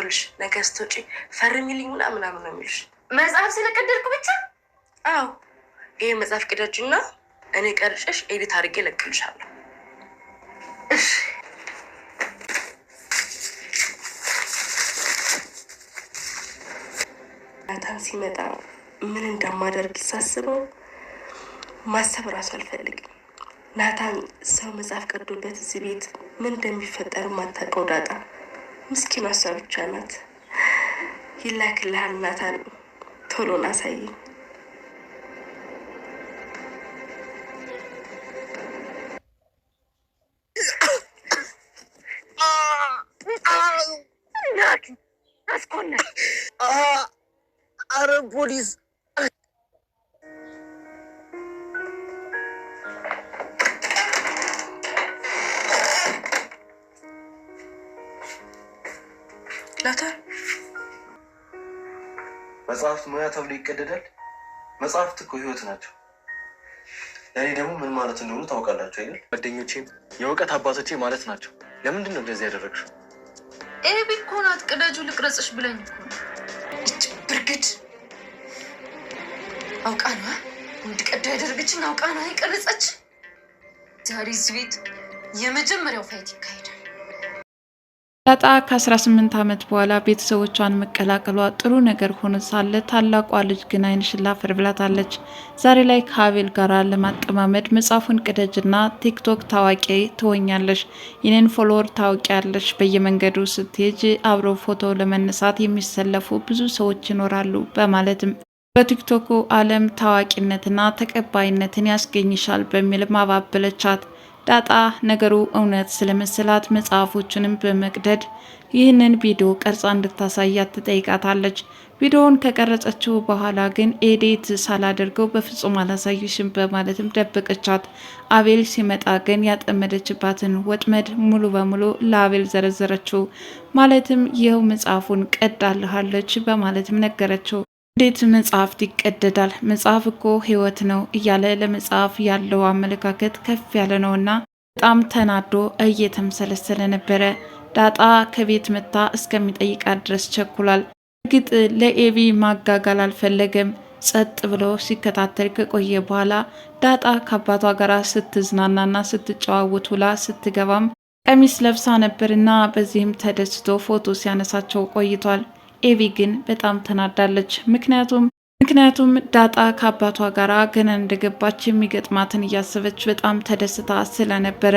ይኸውልሽ ነገ ስትወጪ ፈርሚልኝ ምና ምናምን ነው የሚሉሽ። መጽሐፍ ስለቀደድኩ ብቻ? አዎ ይሄ መጽሐፍ ቅደጅና እኔ ቀርጨሽ ኤዲት አድርጌ እለቅልሻለሁ። ናታን ሲመጣ ምን እንደማደርግ ሳስበው ማሰብ እራሱ አልፈልግም። ናታን ሰው መጽሐፍ ቀዶበት እዚህ ቤት ምን እንደሚፈጠር ማታውቀው ዳጣ ምስኪኗ እሷ ብቻ ናት። ይላክልሃል ናታን፣ ቶሎ ናሳየኝ። ፖሊስ ይላታል። መጽሐፍት ሙያ ተብሎ ይቀደዳል። መጽሐፍት እኮ ህይወት ናቸው። ለእኔ ደግሞ ምን ማለት እንደሆኑ ታውቃላችሁ አይደል? ጓደኞቼም የእውቀት አባቶቼ ማለት ናቸው። ለምንድን ነው እንደዚህ ያደረግሽው? ኤቢ እኮ ናት ቅደጁ ልቅረጽሽ ብለኝ እኮ እጭ ብርግድ አውቃ ነዋ እንድቀዳ ያደረገችን አውቃ ነዋ የቀረጸች። ዛሬ እዚህ ቤት የመጀመሪያው ፋይት ይካሄዳል። ዳጣ ከ18 ዓመት በኋላ ቤተሰቦቿን መቀላቀሏ ጥሩ ነገር ሆኖ ሳለ ታላቋ ልጅ ግን አይንሽላ ፍርብላታለች። ዛሬ ላይ ከአቤል ጋር ለማጠማመድ መጽሐፉን ቅደጅና ቲክቶክ ታዋቂ ትሆኛለሽ፣ የኔን ፎሎወር ታውቂያለሽ፣ በየመንገዱ ስትሄጅ አብሮ ፎቶ ለመነሳት የሚሰለፉ ብዙ ሰዎች ይኖራሉ በማለትም በቲክቶኩ ዓለም ታዋቂነትና ተቀባይነትን ያስገኝሻል በሚልም አባበለቻት። ዳጣ ነገሩ እውነት ስለመሰላት መጽሐፎችንም በመቅደድ ይህንን ቪዲዮ ቀርጻ እንድታሳያት ትጠይቃታለች። ቪዲዮውን ከቀረጸችው በኋላ ግን ኤዴት ሳላደርገው በፍጹም አላሳይሽም በማለትም ደበቀቻት። አቤል ሲመጣ ግን ያጠመደችባትን ወጥመድ ሙሉ በሙሉ ለአቤል ዘረዘረችው። ማለትም ይኸው መጽሐፉን ቀዳልሃለች በማለትም ነገረችው። እንዴት መጽሐፍ ይቀደዳል? መጽሐፍ እኮ ህይወት ነው እያለ ለመጽሐፍ ያለው አመለካከት ከፍ ያለ ነውና በጣም ተናዶ እየተምሰለሰለ ነበረ። ዳጣ ከቤት መታ እስከሚጠይቃት ድረስ ቸኩሏል። እርግጥ ለኤቢ ማጋጋል አልፈለገም። ጸጥ ብሎ ሲከታተል ከቆየ በኋላ ዳጣ ከአባቷ ጋር ስትዝናናና ስትጨዋወት ውላ ስትገባም ቀሚስ ለብሳ ነበርና በዚህም ተደስቶ ፎቶ ሲያነሳቸው ቆይቷል። ኤቪ ግን በጣም ተናዳለች። ምክንያቱም ምክንያቱም ዳጣ ከአባቷ ጋር ገና እንደገባች የሚገጥማትን እያሰበች በጣም ተደስታ ስለነበረ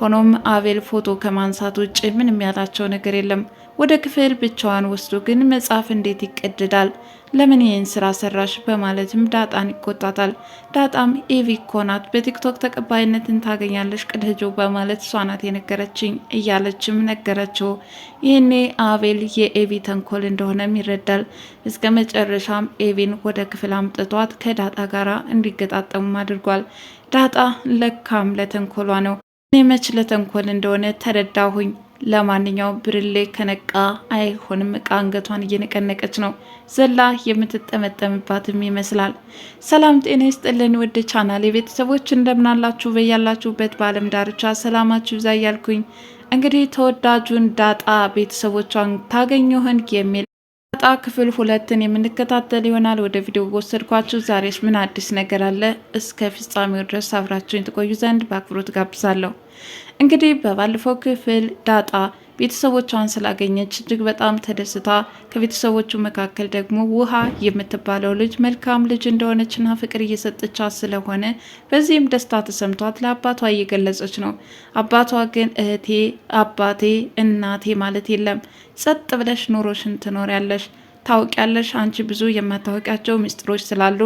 ሆኖም አቤል ፎቶ ከማንሳት ውጭ ምንም ያላቸው ነገር የለም። ወደ ክፍል ብቻዋን ወስዶ ግን መጽሐፍ እንዴት ይቀድዳል? ለምን ይህን ስራ ሰራሽ? በማለትም ዳጣን ይቆጣታል። ዳጣም ኤቪ እኮ ናት በቲክቶክ ተቀባይነትን ታገኛለች ቅድህጆ በማለት እሷ ናት የነገረችኝ እያለችም ነገረችው። ይህኔ አቤል የኤቪ ተንኮል እንደሆነም ይረዳል። እስከ መጨረሻም ኤቪን ወደ ክፍል አምጥቷት ከዳጣ ጋራ እንዲገጣጠሙም አድርጓል። ዳጣ ለካም ለተንኮሏ ነው እኔ መች ለተንኮል እንደሆነ ተረዳሁኝ። ለማንኛውም ብርሌ ከነቃ አይሆንም። እቃ አንገቷን እየነቀነቀች ነው ዘላ የምትጠመጠምባትም ይመስላል። ሰላም ጤና ይስጥልን ውድ ቻናል የቤተሰቦች እንደምናላችሁ በያላችሁበት በአለም ዳርቻ ሰላማችሁ ይብዛ እያልኩኝ እንግዲህ ተወዳጁን ዳጣ ቤተሰቦቿን ታገኘ የሚል ዳጣ ክፍል ሁለትን የምንከታተል ይሆናል። ወደ ቪዲዮ ወሰድኳችሁ። ዛሬስ ምን አዲስ ነገር አለ? እስከ ፍጻሜው ድረስ አብራችሁኝ ትቆዩ ዘንድ በአክብሮት ጋብዛለሁ። እንግዲህ በባለፈው ክፍል ዳጣ ቤተሰቦቿን ስላገኘች እጅግ በጣም ተደስታ ከቤተሰቦቹ መካከል ደግሞ ውሃ የምትባለው ልጅ መልካም ልጅ እንደሆነችና ፍቅር እየሰጠቻት ስለሆነ በዚህም ደስታ ተሰምቷት ለአባቷ እየገለጸች ነው። አባቷ ግን እህቴ፣ አባቴ፣ እናቴ ማለት የለም ጸጥ ብለሽ ኑሮሽን ትኖሪያለሽ ታውቂያለሽ አንቺ ብዙ የማታወቂያቸው ምስጢሮች ስላሉ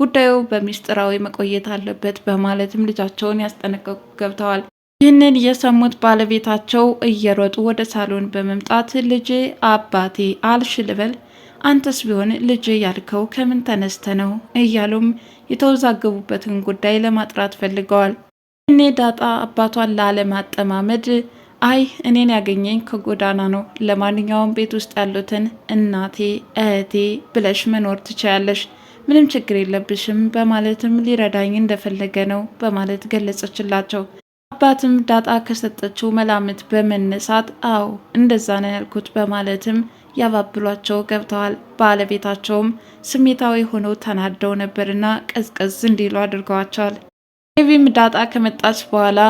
ጉዳዩ በሚስጥራዊ መቆየት አለበት በማለትም ልጃቸውን ያስጠነቀቁ ገብተዋል። ይህንን የሰሙት ባለቤታቸው እየሮጡ ወደ ሳሎን በመምጣት ልጄ፣ አባቴ አልሽ ልበል አንተስ ቢሆን ልጄ ያልከው ከምን ተነስተ ነው እያሉም የተወዛገቡበትን ጉዳይ ለማጥራት ፈልገዋል። እኔ ዳጣ አባቷን ላለማጠማመድ አይ እኔን ያገኘኝ ከጎዳና ነው፣ ለማንኛውም ቤት ውስጥ ያሉትን እናቴ፣ እህቴ ብለሽ መኖር ትችያለሽ፣ ምንም ችግር የለብሽም በማለትም ሊረዳኝ እንደፈለገ ነው በማለት ገለጸችላቸው። አባትም ዳጣ ከሰጠችው መላምት በመነሳት አዎ እንደዛ ነው ያልኩት በማለትም ያባብሏቸው ገብተዋል። ባለቤታቸውም ስሜታዊ ሆነው ተናደው ነበርና ቀዝቀዝ እንዲሉ አድርገዋቸዋል። ኤቪም ዳጣ ከመጣች በኋላ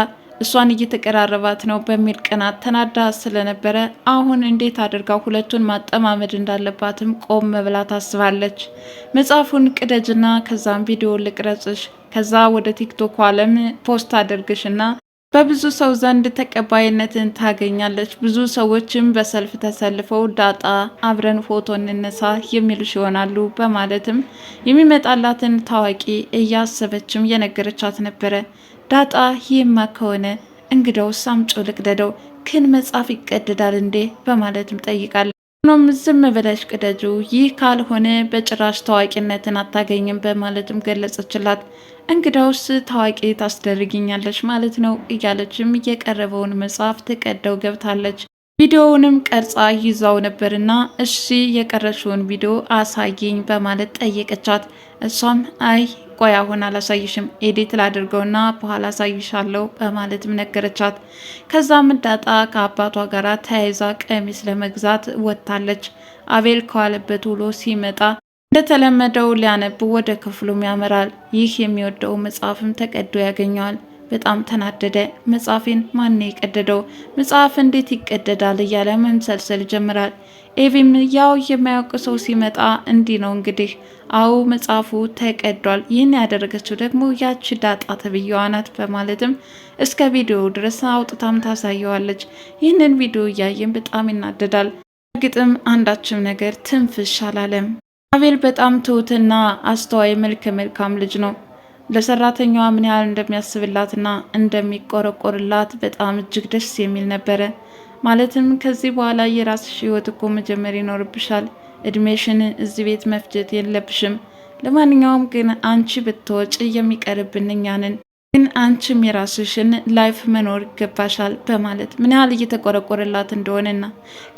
እሷን እየተቀራረባት ነው በሚል ቀናት ተናዳ ስለነበረ አሁን እንዴት አድርጋ ሁለቱን ማጠማመድ እንዳለባትም ቆም ብላ ታስባለች። መጽሐፉን ቅደጅና ከዛም ቪዲዮ ልቅረጽሽ፣ ከዛ ወደ ቲክቶክ አለም ፖስት አድርግሽና በብዙ ሰው ዘንድ ተቀባይነትን ታገኛለች። ብዙ ሰዎችም በሰልፍ ተሰልፈው ዳጣ አብረን ፎቶ እንነሳ የሚሉሽ ይሆናሉ በማለትም የሚመጣላትን ታዋቂ እያሰበችም የነገረቻት ነበረ። ዳጣ ይህማ ከሆነ እንግዳውስ አምጮ ልቅደደው ክን መጽሐፍ ይቀደዳል እንዴ በማለትም ጠይቃለች። ሆኖም ዝም ብለሽ ቅደጁ፣ ይህ ካልሆነ በጭራሽ ታዋቂነትን አታገኝም በማለትም ገለጸችላት። እንግዳውስ ታዋቂ ታስደርግኛለች ማለት ነው እያለችም የቀረበውን መጽሐፍ ተቀደው ገብታለች። ቪዲዮውንም ቀርጻ ይዛው ነበርና እሺ የቀረችውን ቪዲዮ አሳይኝ በማለት ጠየቀቻት። እሷም አይ ቆይ አሁን አላሳይሽም ኤዲት ላድርገውና በኋላ አሳይሻለሁ በማለትም ነገረቻት። ከዛም ዳጣ ከአባቷ ጋር ተያይዛ ቀሚስ ለመግዛት ወጥታለች። አቤል ከዋለበት ውሎ ሲመጣ እንደተለመደው ሊያነብ ወደ ክፍሉም ያመራል። ይህ የሚወደው መጽሐፍም ተቀዶ ያገኘዋል። በጣም ተናደደ። መጽሐፌን ማን የቀደደው? መጽሐፍ እንዴት ይቀደዳል? እያለ መምሰልሰል ይጀምራል። ኤቪም ያው የማያውቅ ሰው ሲመጣ እንዲህ ነው እንግዲህ። አዎ መጽሐፉ ተቀዷል፣ ይህን ያደረገችው ደግሞ ያቺ ዳጣ ተብዬዋ ናት በማለትም እስከ ቪዲዮ ድረስ አውጥታም ታሳየዋለች። ይህንን ቪዲዮ እያየን በጣም ይናደዳል። እርግጥም አንዳችም ነገር ትንፍሽ አላለም። አቤል በጣም ትሁትና አስተዋይ መልከ መልካም ልጅ ነው። ለሰራተኛዋ ምን ያህል እንደሚያስብላትና እንደሚቆረቆርላት በጣም እጅግ ደስ የሚል ነበረ። ማለትም ከዚህ በኋላ የራስሽ ህይወት እኮ መጀመር ይኖርብሻል። እድሜሽን እዚህ ቤት መፍጀት የለብሽም። ለማንኛውም ግን አንቺ ብትወጪ የሚቀርብን እኛንን ግን አንቺም የራስሽን ላይፍ መኖር ይገባሻል በማለት ምን ያህል እየተቆረቆረላት እንደሆነና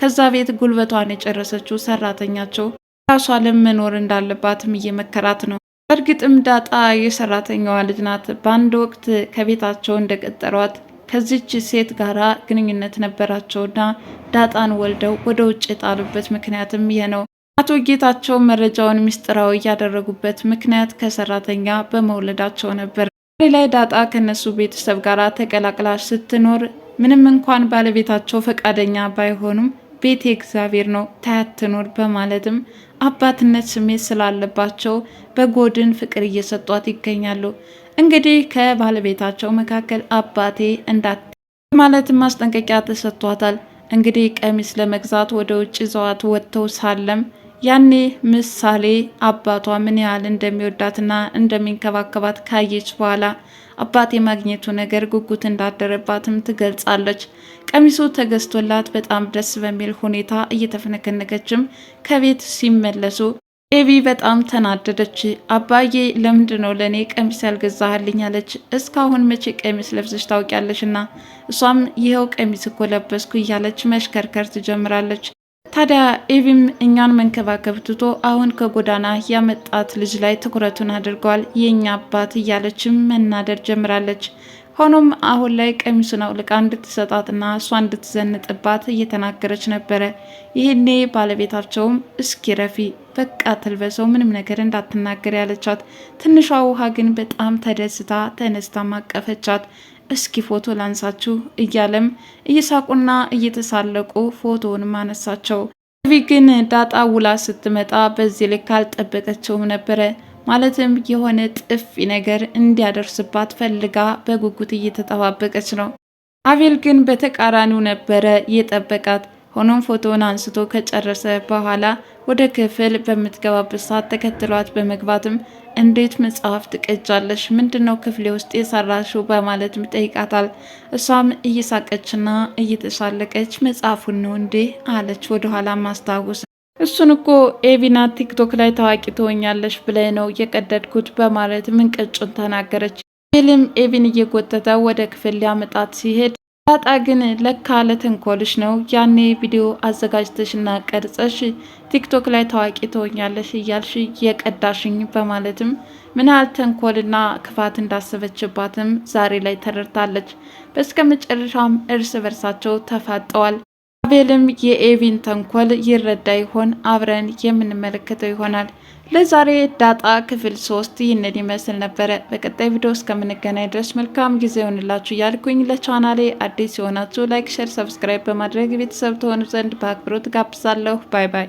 ከዛ ቤት ጉልበቷን የጨረሰችው ሰራተኛቸው ራሷ መኖር እንዳለባትም እየመከራት ነው። በእርግጥም ዳጣ የሰራተኛዋ ልጅ ናት። በአንድ ወቅት ከቤታቸው እንደቀጠሯት ከዚች ሴት ጋር ግንኙነት ነበራቸውና ዳጣን ወልደው ወደ ውጭ የጣሉበት ምክንያትም ይህ ነው። አቶ ጌታቸው መረጃውን ምስጢራዊ ያደረጉበት ምክንያት ከሰራተኛ በመውለዳቸው ነበር። ላይ ዳጣ ከነሱ ቤተሰብ ጋር ተቀላቅላ ስትኖር ምንም እንኳን ባለቤታቸው ፈቃደኛ ባይሆኑም ቤቴ እግዚአብሔር ነው ታያት ትኖር በማለትም አባትነት ስሜት ስላለባቸው በጎድን ፍቅር እየሰጧት ይገኛሉ። እንግዲህ ከባለቤታቸው መካከል አባቴ እንዳት ማለትም ማስጠንቀቂያ ተሰጥቷታል። እንግዲህ ቀሚስ ለመግዛት ወደ ውጭ ዘዋት ወጥተው ሳለም ያኔ ምሳሌ አባቷ ምን ያህል እንደሚወዳትና እንደሚንከባከባት ካየች በኋላ አባቴ ማግኘቱ ነገር ጉጉት እንዳደረባትም ትገልጻለች። ቀሚሱ ተገዝቶላት በጣም ደስ በሚል ሁኔታ እየተፈነከነከችም ከቤት ሲመለሱ ኤቪ በጣም ተናደደች። አባዬ ለምንድን ነው ለእኔ ቀሚስ ያልገዛህልኝ? አለች። እስካሁን መቼ ቀሚስ ለብሰሽ ታውቂያለሽ? እና እሷም ይኸው ቀሚስ እኮ ለበስኩ እያለች መሽከርከር ትጀምራለች። ታዲያ ኤቪም እኛን መንከባከብ ትቶ አሁን ከጎዳና ያመጣት ልጅ ላይ ትኩረቱን አድርገዋል የእኛ አባት እያለችም መናደድ ጀምራለች። ሆኖም አሁን ላይ ቀሚሱን አውልቃ እንድትሰጣትና እሷ እንድትዘንጥባት እየተናገረች ነበረ። ይህኔ ባለቤታቸውም እስኪ ረፊ በቃ ትልበሰው ምንም ነገር እንዳትናገር ያለቻት፣ ትንሿ ውሃ ግን በጣም ተደስታ ተነስታ ማቀፈቻት። እስኪ ፎቶ ላንሳችሁ እያለም እየሳቁና እየተሳለቁ ፎቶውንም አነሳቸው። ቪ ግን ዳጣ ውላ ስትመጣ በዚህ ልክ አልጠበቀችውም ነበረ። ማለትም የሆነ ጥፊ ነገር እንዲያደርስባት ፈልጋ በጉጉት እየተጠባበቀች ነው። አቤል ግን በተቃራኒው ነበረ የጠበቃት። ሆኖም ፎቶውን አንስቶ ከጨረሰ በኋላ ወደ ክፍል በምትገባበት ሰዓት ተከትሏት በመግባትም እንዴት መጽሐፍ ትቀጃለሽ? ምንድነው ክፍሌ ውስጥ የሰራሽው? በማለትም ጠይቃታል። እሷም እየሳቀችና እየተሳለቀች መጽሐፉን ነው እንዴ አለች። ወደኋላ ማስታወስ እሱን እኮ ኤቢና ቲክቶክ ላይ ታዋቂ ትሆኛለሽ ብለህ ነው የቀደድኩት በማለት ምንቅጩን ተናገረች። ሄልም ኤቢን እየጎተተ ወደ ክፍል ሊያመጣት ሲሄድ ዳጣ ግን ለካ ለተንኮልሽ ነው ያኔ ቪዲዮ አዘጋጅተሽና ቀርጸሽ ቲክቶክ ላይ ታዋቂ ትሆኛለሽ እያልሽ የቀዳሽኝ በማለትም ምን ያህል ተንኮልና ክፋት እንዳሰበችባትም ዛሬ ላይ ተረድታለች። በስከ መጨረሻም እርስ በርሳቸው ተፋጠዋል። አቤልም የኤቪን ተንኮል ይረዳ ይሆን? አብረን የምንመለከተው ይሆናል። ለዛሬ ዳጣ ክፍል ሶስት ይህንን ይመስል ነበረ። በቀጣይ ቪዲዮ እስከምንገናኝ ድረስ መልካም ጊዜ ይሆንላችሁ እያልኩኝ ለቻናሌ አዲስ የሆናችሁ ላይክ፣ ሸር፣ ሰብስክራይብ በማድረግ ቤተሰብ ተሆኑ ዘንድ በአክብሮት ጋብዛለሁ። ባይ ባይ